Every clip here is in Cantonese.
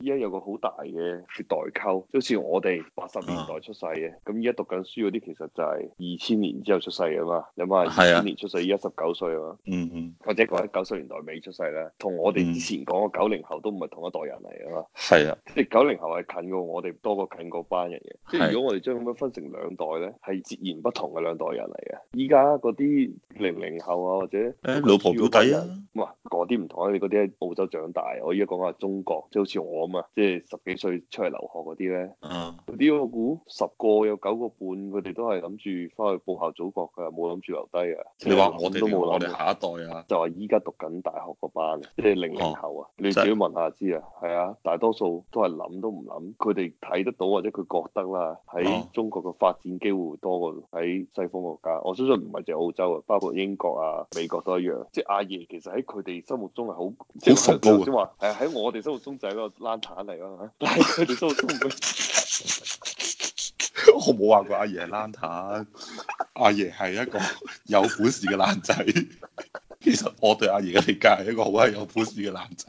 依家有個好大嘅代溝，好似我哋八十年代出世嘅，咁依家讀緊書嗰啲其實就係二千年之後出世嘅嘛，有冇啊？二千年出世，依家十九歲啊嘛。嗯嗯。或者九十年代尾出世咧，同我哋之前講嘅九零後都唔係同一代人嚟嘅嘛。係啊，即係九零後係近過我哋多過近過班人嘅。啊、即係如果我哋將咁樣分成兩代咧，係截然不同嘅兩代人嚟嘅。依家嗰啲零零後啊，或者、啊欸、老婆表弟啊，哇、啊，嗰啲唔同啊，你嗰啲喺澳洲長大，我依家講緊係中國，即、就、係、是、好似我。咁啊，嗯、即係十幾歲出嚟留學嗰啲咧，嗰啲、嗯、我估十個有九個半，佢哋都係諗住翻去報效祖國嘅，冇諗住留低嘅。你話我哋、這個、都冇諗住下一代啊，就係依家讀緊大學嗰班，即係零零後啊。你自己問下知啊，係啊，大多數都係諗都唔諗。佢哋睇得到或者佢覺得啦，喺中國嘅發展機會多過喺西方國家。我相信唔係淨係澳洲啊，包括英國啊，美國啊、美國都一樣。即係阿爺其實喺佢哋心目中係好，即係頭先話喺我哋心目中就係嗰、那個坦嚟咯， 我冇話過阿爺係爛坦， 阿爺係一個有本事嘅男仔。其實我對阿爺嘅理解係一個好係有本事嘅男仔。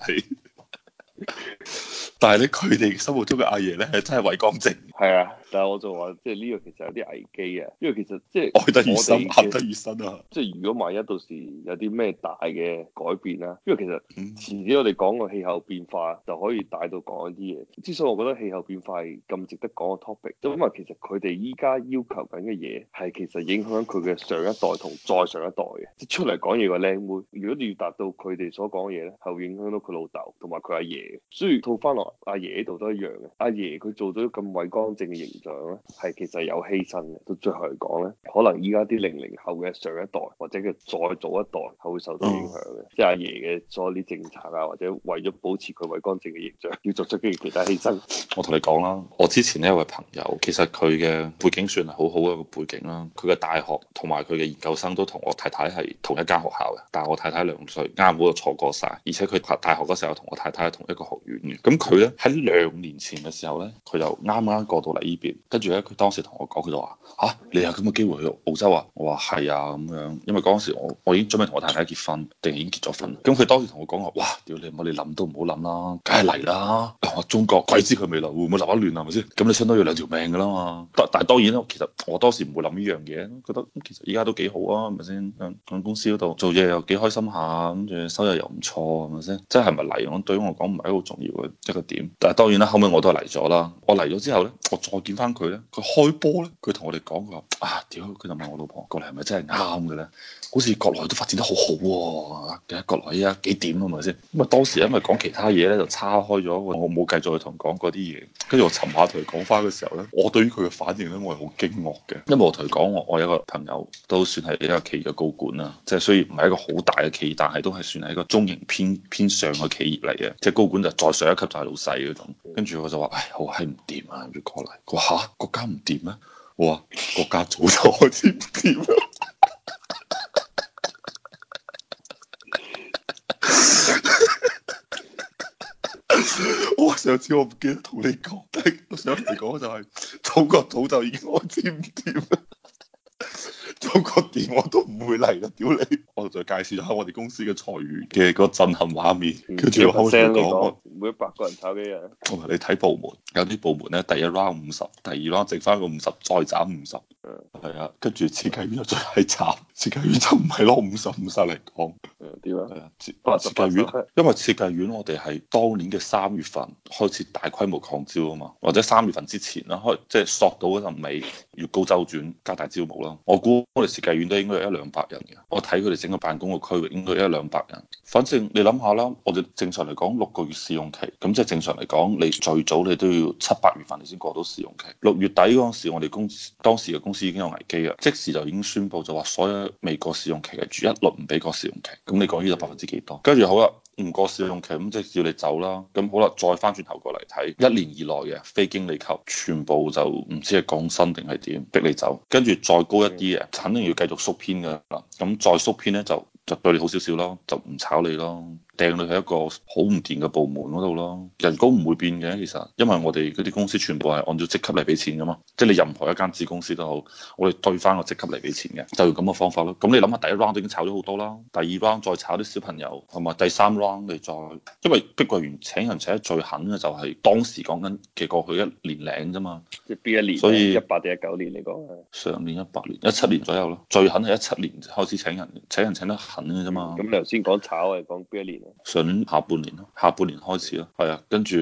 但係咧，佢哋心目中嘅阿爺咧，係真係偉光正。係啊，但係我就話，即係呢個其實有啲危機啊，因為其實即係愛得越深，恨得越深啊。即係如果萬一到時有啲咩大嘅改變啦、啊，因為其實前幾日我哋講過氣候變化就可以帶到講一啲嘢。之所以我覺得氣候變化係咁值得講嘅 topic，就咁啊，其實佢哋依家要求緊嘅嘢，係其實影響佢嘅上一代同再上一代嘅。即、就、係、是、出嚟講嘢個靚妹，如果你要達到佢哋所講嘅嘢咧，係會影響到佢老豆同埋佢阿爺。所以套翻落。阿、啊、爺呢度都一樣嘅，阿、啊、爺佢做咗咁偉光正嘅形象咧，係其實有犧牲嘅。到最後嚟講咧，可能依家啲零零後嘅上一代或者佢再做一代係會受到影響嘅，嗯、即係阿、啊、爺嘅所有啲政策啊，或者為咗保持佢偉光正嘅形象，要作出啲其他犧牲。我同你講啦，我之前呢有位朋友，其實佢嘅背景算係好好嘅一個背景啦，佢嘅大學同埋佢嘅研究生都同我太太係同一間學校嘅，但係我太太兩歲，啱好就錯過晒。而且佢大大學嗰時候同我太太係同一個學院嘅，咁佢。喺兩年前嘅時候咧，佢就啱啱過到嚟呢邊，跟住咧佢當時同我講，佢就話：嚇、啊，你有咁嘅機會去澳洲啊？我話係啊，咁樣，因為嗰陣時我我已經準備同我太太結婚，定係已經結咗婚。咁佢當時同我講話：哇，屌你，我你諗都唔好諗啦，梗係嚟啦！我、啊、話中國鬼知佢未來會唔會留一亂啊？係咪先？咁你相當於兩條命噶啦嘛。但係當然啦，其實我當時唔會諗呢樣嘢，覺得其實依家都幾好啊，係咪先？響公司嗰度做嘢又幾開心下、啊，跟住收入又唔錯，係咪先？即係咪嚟？我對於我講唔係好重要嘅一個。點？但係當然啦，後尾我都係嚟咗啦。我嚟咗之後咧，我再見翻佢咧，佢開波咧，佢同我哋講佢話：啊，屌！佢就問我老婆過嚟係咪真係啱嘅咧？好似國內都發展得好好、啊、喎。嘅國內依家幾點啊？咪先咁啊！當時因為講其他嘢咧，就叉開咗，我冇繼續去同佢講嗰啲嘢。跟住我尋下同佢講翻嘅時候咧，我對於佢嘅反應咧，我係好驚愕嘅。因為我同佢講，我我有一個朋友都算係一個企嘅高管啦，即係雖然唔係一個好大嘅企業，但係都係算係一個中型偏偏上嘅企業嚟嘅，即係高管就再上一級就係老。細嗰種，跟住我就話，唉、哎，好係唔掂啊，跟住過嚟。佢話吓國家唔掂咩？我話國家早就開始唔掂啦。 我上次我唔記得同你講，但係我想嚟講就係、是，祖國早就已經開始唔掂啦。嗰個電話我都唔會嚟啦，屌你！我再介紹下我哋公司嘅裁員嘅嗰震撼畫面，跟住開始講。每一百個人炒幾啊？你睇部門，有啲部門咧，第一 round 五十，第二 round 剩翻個五十，再斬五十、嗯。係啊，跟住設計院就再係慘，設計院就唔係攞五十五十嚟講。點啊、嗯？係、嗯嗯、啊，設設計院，80 80? 因為設計院我哋係當年嘅三月份開始大規模擴招啊嘛，或者三月份之前啦，開即係索到嗰陣尾，越高周轉加大招募啦。我估。我哋設計院都應該有一兩百人嘅，我睇佢哋整個辦公個區域應該有一兩百人。反正你諗下啦，我哋正常嚟講六個月試用期，咁即係正常嚟講，你最早你都要七八月份你先過到試用期。六月底嗰時，我哋公司當時嘅公司已經有危機啦，即時就已經宣布就話所有未過試用期嘅住一律唔俾過試用期。咁你講呢度百分之幾多？跟住好啦。唔過試用期，咁即係要你走啦，咁好啦，再翻轉頭過嚟睇一年以內嘅非經理級，全部就唔知係降薪定係點逼你走，跟住再高一啲嘅，肯定要繼續縮編噶啦，咁再縮編咧就就對你好少少咯，就唔炒你咯。掟到去一個好唔掂嘅部門嗰度咯，人工唔會變嘅，其實，因為我哋嗰啲公司全部係按照職級嚟俾錢噶嘛，即係你任何一間子公司都好，我哋對翻個職級嚟俾錢嘅，就用咁嘅方法咯。咁你諗下第一 round 都已經炒咗好多啦，第二 round 再炒啲小朋友，同埋第三 round 你再，因為碧桂園請人請得最狠嘅就係當時講緊嘅過去一年領啫嘛，即係邊一年？所以一八定一九年嚟講，上年一八年、一七年左右咯，最狠係一七年開始請人，請人請得狠嘅啫嘛。咁你頭先講炒係講邊一年？上年下半年咯，下半年開始咯，係啊的，跟住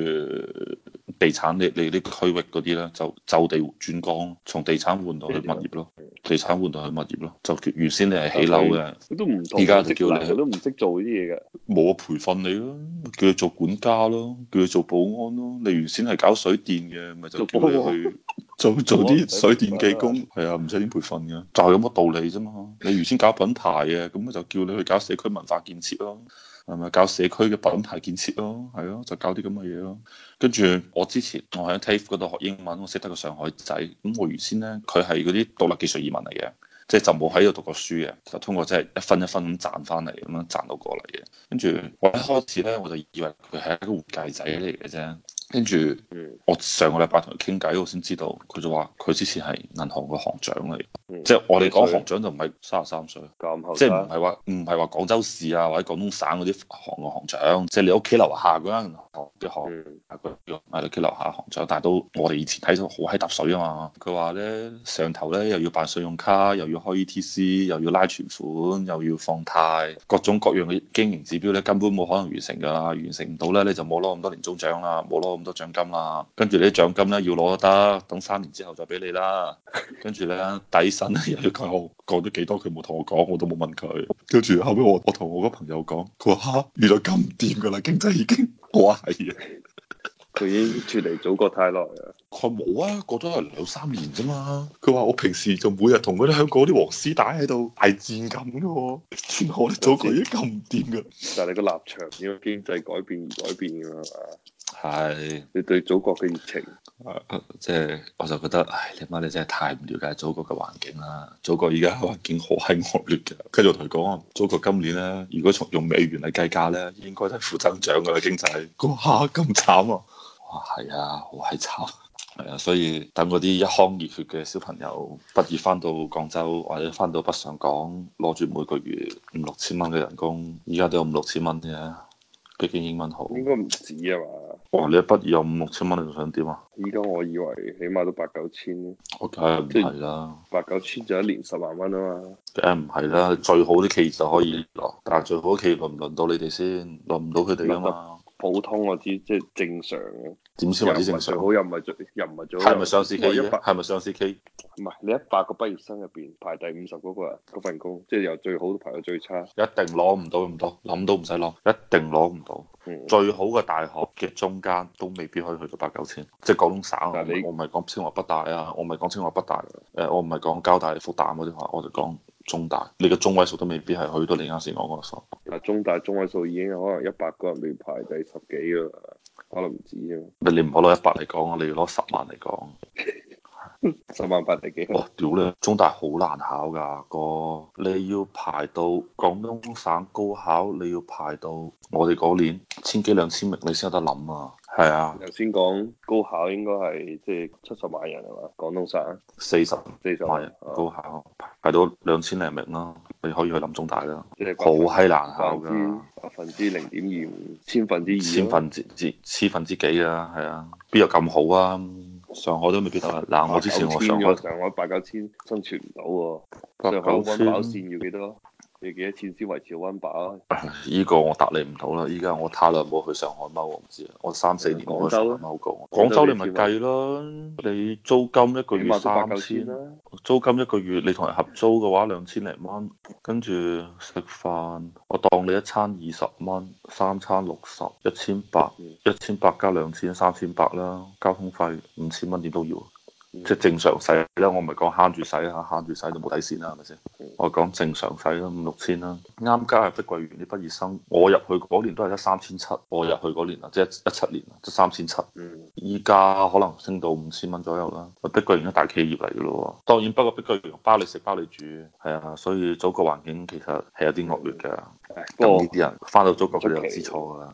地產你你啲區域嗰啲咧，就就地轉崗，從地產換到去物業咯，的地產換到去物業咯，就叫。原先你係起樓嘅，你都唔，而家就叫你都唔識做呢啲嘢嘅，冇啊，培訓你咯，叫佢做管家咯，叫佢做保安咯，你原先係搞水電嘅，咪就叫你去做 做啲水電技工，係啊， 唔使點培訓嘅，就係咁嘅道理啫嘛。你原先搞品牌嘅，咁咪就叫你去搞社區文化建設咯。係咪搞社區嘅品牌建設咯、啊？係咯、啊，就搞啲咁嘅嘢咯。跟住我之前我喺 TAFE 嗰度學英文，我識得個上海仔。咁我原先咧，佢係嗰啲獨立技術移民嚟嘅，即係就冇喺度讀過書嘅，就通過即係一分一分咁賺返嚟咁樣賺到過嚟嘅。跟住我一開始咧，我就以為佢係一個活計仔嚟嘅啫。跟住，And then, 嗯、我上個禮拜同佢傾偈，我先知道，佢就話佢之前係銀行個行長嚟，嗯、即係我哋講行長就唔係三十三歲，即係唔係話唔係話廣州市啊或者廣東省嗰啲行嘅行長，即係你屋企樓下嗰間銀行嘅行，係你屋企樓下行長，但係都我哋以前睇到好閪揼水啊嘛，佢話咧上頭咧又要辦信用卡，又要開 E T C，又要拉存款，又要放貸，各種各樣嘅經營指標咧根本冇可能完成㗎啦，完成唔到咧你就冇攞咁多年終獎啦，冇攞。咁多獎金啦、啊，跟住你啲獎金咧要攞得，等三年之後再俾你啦。呢啊、 跟住咧底薪又要夠，夠咗幾多佢冇同我講，我都冇問佢。我跟住後屘我我同我個朋友講，佢話吓，原來咁掂噶啦，經濟已經過係嘅，佢已經脫離祖國太耐啦。佢冇 啊，過咗兩三年啫嘛。佢話我平時就每日同嗰啲香港啲黃絲帶喺度大戰咁咯、啊。原來我哋祖國已經咁掂噶。但係你個立場因為經濟改變而改變噶嘛。 係，是你對祖國嘅熱情，即係、啊就是、我就覺得，唉，你媽你真係太唔了解祖國嘅環境啦！祖國而家環境好閪惡劣嘅，繼續跟住同你講，祖國今年咧，如果從用美元嚟計價咧，應該都係負增長嘅啦經濟。下咁慘啊！哇係啊，好閪慘，係 啊，所以等嗰啲一腔熱血嘅小朋友畢業翻到廣州或者翻到北上廣，攞住每個月五六千蚊嘅人工，依家都有五六千蚊嘅。畢竟英文好，應該唔止啊嘛。哇！你一畢業有五六千蚊，你仲想點啊？依家我以為起碼都八九千。9，我梗係唔係啦，八九千就一年十萬蚊啊嘛。梗係唔係啦，最好啲企業就可以攞， 但係最好企業輪唔輪到你哋先，輪唔到佢哋啊嘛。普通我知，即係正常點先話先話上？又唔係最好，又唔係最，又唔係最。係咪上 CK？係咪上 CK？唔係你一百個畢業生入邊排第五十嗰個人嗰份工，即係由最好都排到最差。一定攞唔到咁多，諗都唔使攞。一定攞唔到。嗯、最好嘅大學嘅中間都未必可以去到八九千，即係廣東省。但你我唔係講清華北大啊，我唔係講清華北大，誒，我唔係講交大復旦嗰啲話，我就講。中大你嘅中位數都未必係去到你啱先我嗰個數。中大中位數已經可能一百個人要排第十幾嘅啦，可能唔止啊，你唔好攞一百嚟講，你要攞十萬嚟講， 十萬八第幾？哇！屌你，中大好難考㗎，哥、嗰個，你要排到廣東省高考，你要排到我哋嗰年千幾兩千名你，你先有得諗啊！係啊，頭先講高考應該係即係七十萬人係嘛？廣東省四十四十萬人高考、啊、排到兩千零名咯，你可以去諗中大即咯。好閪難考㗎，百 8, 000, 分之零點二，千分之千分之千分之幾啊，係啊，邊有咁好啊？上海都未必得 5, 啊。嗱我之前我上海 9, 上海八九千生存唔、啊、到喎，上海溫飽線要幾多？你幾多錢先維持溫飽啊？呢個我答你唔到啦，依家我太耐冇去上海踎，我唔知啊。我三四年都喺廣州。廣州你咪計咯，8, 你租金一個月三千，租金一個月你同人合租嘅話兩千零蚊，跟住食飯，我當你一餐二十蚊，三餐六十，一千八，一千八加兩千，三千八啦。交通費五千蚊點都要。即係正常使啦，我唔係講慳住使啊，慳住使就冇底線啦，係咪先？Okay. 我講正常使啦，五六千啦。啱加入碧桂園啲畢業生，我入去嗰年都係得三千七，我入去嗰年啊，即係一七年啊，即三千七。依家可能升到五千蚊左右啦。就是、碧桂園都大企業嚟嘅咯，當然不過碧桂園包你食包你住。係啊，所以祖國環境其實係有啲惡劣嘅。咁呢啲人返到祖國佢就知錯啦。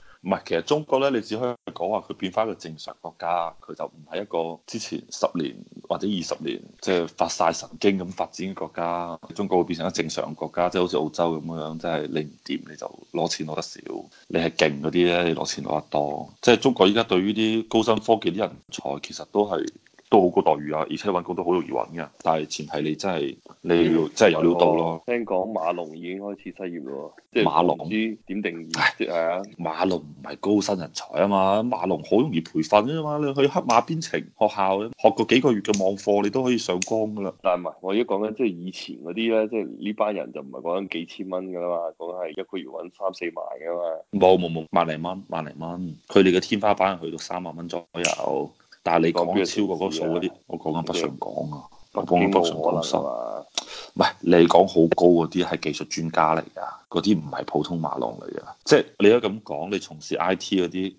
唔係，其實中國咧，你只可以講話佢變翻一個正常國家，佢就唔係一個之前十年或者二十年即係發晒神經咁發展嘅國家。中國會變成一個正常國家，即係好似澳洲咁樣，即係你唔掂你就攞錢攞得少，你係勁嗰啲咧，你攞錢攞得多。即係中國依家對於啲高新科技啲人才，其實都係。都好高待遇啊，而且揾工都好容易揾嘅，但係前提真你真係你要真係有料到咯。聽講馬龍已經開始失業咯，即係馬龍唔知點定義啊？係啊，馬龍唔係高薪人才啊嘛，馬龍好容易培訓啫嘛，你去黑馬編程學校學過幾個月嘅網課，你都可以上崗噶啦。但係唔係，我而家講緊即係以前嗰啲咧，即係呢班人就唔係講緊幾千蚊噶啦嘛，講係一個月揾三四萬噶嘛。冇冇冇，萬零蚊，萬零蚊，佢哋嘅天花板去到三萬蚊左右。但係你講嘅超過嗰個數嗰啲？我講緊北上廣啊，講緊北上廣深啊。唔係你講好高嗰啲係技術專家嚟噶，嗰啲唔係普通馬浪嚟噶。即係你都咁講，你從事 I T 嗰啲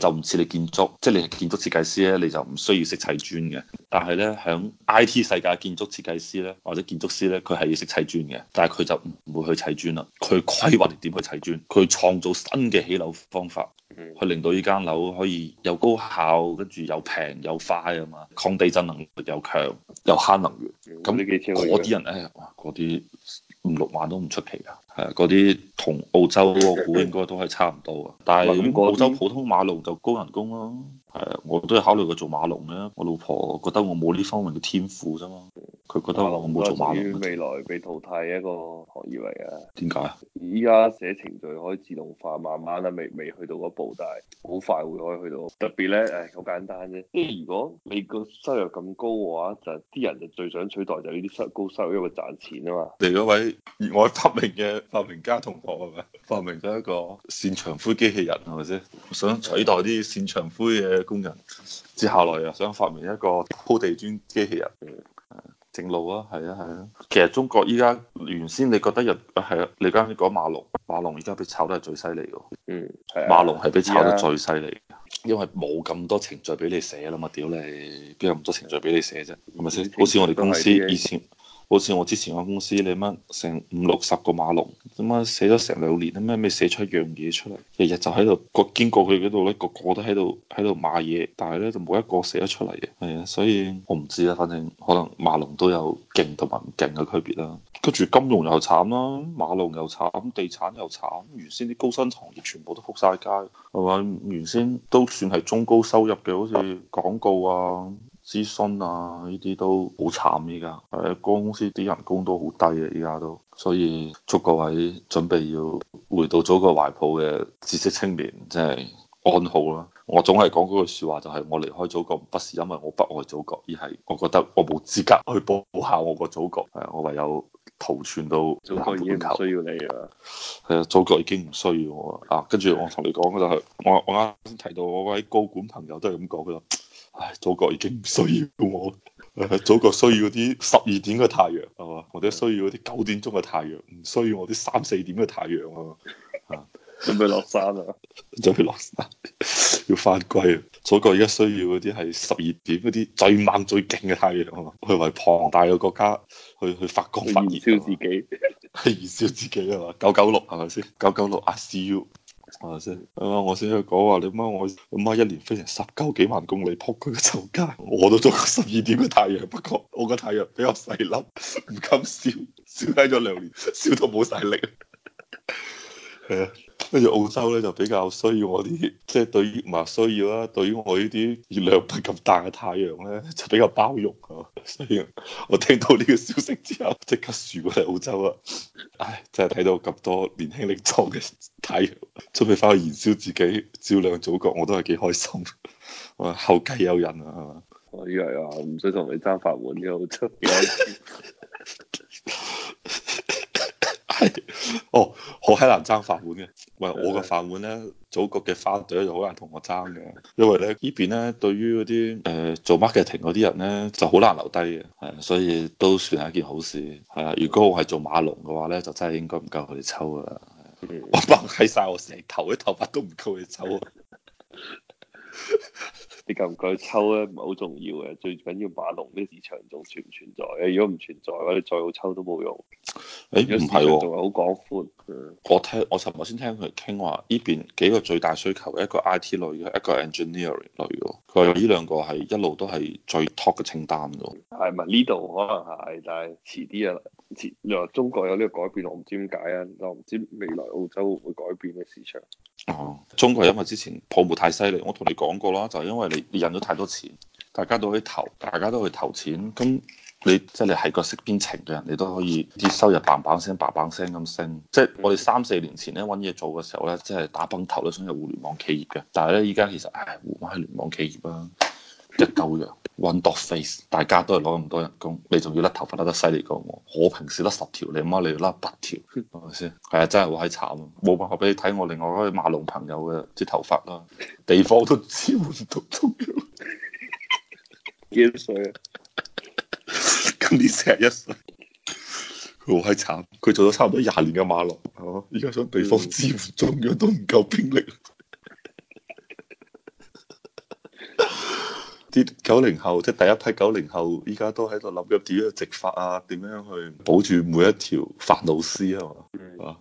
就唔似你建築，即係，嗯，你係建築設計師咧，你就唔需要識砌磚嘅。但係咧，喺 I T 世界，建築設計師咧或者建築師咧，佢係要識砌磚嘅。但係佢就唔會去砌磚啦，佢規劃點去砌磚，佢創造新嘅起樓方法。去令到呢間樓可以又高效，跟住又平又快啊嘛！抗地震能力又強，又慳能源。咁嗰啲人呢，哎，嗰啲五六萬都唔出奇㗎！係啊，嗰啲同澳洲嗰個股應該都係差唔多啊。但係澳洲普通馬路就高人工咯。係啊，我都係考慮過做馬龍嘅，我老婆覺得我冇呢方面嘅天賦啫嘛，佢的覺得我冇做馬龍。馬龍未來被淘汰一個行業嚟啊？點解？依家寫程序可以自動化，慢慢啦，未未去到嗰步，但係好快會可以去到。特別咧，誒、哎，好簡單啫。即係如果你個收入咁高嘅話，就啲人就最想取代就係呢啲高收入，因為賺錢啊嘛。嚟嗰位熱愛發明嘅發明家同學係咪？發明咗一個擅長灰機器人係咪先？想取代啲擅長灰嘅。工人接下來又想發明一個鋪地磚機器人嘅正路啊，係啊，係啊，啊。其實中國依家原先，你覺得入係啊，你啱先講馬龍，馬龍而家被炒得係最犀利喎。嗯，係、啊、馬龍係俾炒得最犀利，啊、因為冇咁多程序俾你寫啦嘛。屌你，邊有咁多程序俾你寫啫？係咪先？啊、好似我哋公司以前。好似我之前間公司，你乜成五六十個馬龍，點啊寫咗成兩年，點解未寫出一樣嘢出嚟？日日就喺度過經過佢嗰度咧，個個都喺度喺度買嘢，但係咧就冇一個寫得出嚟嘅。係啊，所以我唔知啦，反正可能馬龍都有勁同埋唔勁嘅區別啦。跟住金融又慘啦、啊，馬龍又慘，地產又慘。原先啲高薪行業全部都仆晒街，係嘛？原先都算係中高收入嘅，好似廣告啊。諮詢啊，呢啲都好慘依家，係公司啲人工都好低啊，依家都，所以祝各位準備要回到祖國懷抱嘅知識青年即係安好啦。我總係講嗰句說話，就係我離開祖國，不是因為我不愛祖國，而係我覺得我冇資格去報下我個祖國，係我唯有逃竄到祖。祖國已經唔需要你啦。係啊，祖國已經唔需要我啊。啊，跟住我同你講嘅就係，我我啱先提到我位高管朋友都係咁講嘅。唉、哎，祖國已經唔需要我，祖國需要嗰啲十二點嘅太陽，係嘛？或者需要嗰啲九點鐘嘅太陽，唔需要我啲三四點嘅太陽啊！準備落山啊！準備落山， 要翻歸。祖國而家需要嗰啲係十二點嗰啲最猛最勁嘅太陽，去為龐大嘅國家去去發光發熱，燒自己，係 燃燒自己係嘛？九九六係咪先？九九六，I see you 係咪先？啊， 我先去講話你媽，我媽一年飛成十九幾萬公里撲佢個臭街，我都做過十二點嘅太陽，不過我個太陽比較細粒，唔敢笑笑低咗兩年，笑到冇晒力。係啊。跟住澳洲咧就比較需要我啲，即係對於唔話需要啦，對於我呢啲熱量唔係咁大嘅太陽咧，就比較包容。所以我聽到呢個消息之後，即刻住過嚟澳洲啊！唉，真係睇到咁多年輕力壯嘅太陽準備翻去燃燒自己，照亮祖國，我都係幾開心。我後繼有人啊！係嘛？我以為啊，唔使同你爭飯碗嘅澳洲。 哦，好喺難爭飯碗嘅，喂，我嘅飯碗咧，嗯、祖國嘅花隊就好難同我爭嘅，因為咧呢邊咧，對於嗰啲誒做 marketing 嗰啲人咧，就好難留低嘅，係，所以都算係一件好事，係啊。如果我係做馬龍嘅話咧，就真係應該唔夠佢哋抽噶啦，嗯、我白剃晒我成頭嘅頭髮都唔夠佢抽啊！嗯 你夠唔夠抽咧，唔係好重要嘅。最緊要馬龍啲市場仲存唔存在？誒，如果唔存在嘅話，你再好抽都冇用。誒、欸，唔係喎，仲有好廣闊。我聽，我尋日先聽佢傾話，呢邊幾個最大需求嘅一個 IT 類嘅，一個 engineering 類嘅。佢話呢兩個係一路都係最 top 嘅清單嘅。係咪呢度可能係？但係遲啲啊，遲你話中國有呢個改變，我唔知點解啊。我唔知未來澳洲會唔會改變嘅市場。啊、哦！中國因為之前泡沫太犀利，我同你講過啦，就係、因為你，你引咗太多錢，大家都可以投，大家都去投錢，咁你即係係個識編程嘅人，你都可以啲收入棒棒聲、棒棒聲咁升。即係我哋三四年前咧揾嘢做嘅時候咧，即係打崩頭都想入互聯網企業嘅，但係咧依家其實唉，互互聯網企業啦。一狗樣 Window Face，大家都係攞咁多人工，你仲要甩頭髮甩得犀利過我，我平時甩十條，你媽你要甩八條，係咪先？係啊，真係好閪慘啊，冇辦法俾你睇我另外嗰啲馬龍朋友嘅啲頭髮啦，地方都支援到中央，幾多 歲啊？今 年四十一歲，佢好閪慘，佢做咗差唔多廿年嘅馬龍，係嘛？而家想地方支援中央都唔夠兵力。 啲九零後即係第一批九零後，而家都喺度諗緊點樣植髮啊？點樣去保住每一條煩惱絲啊嘛？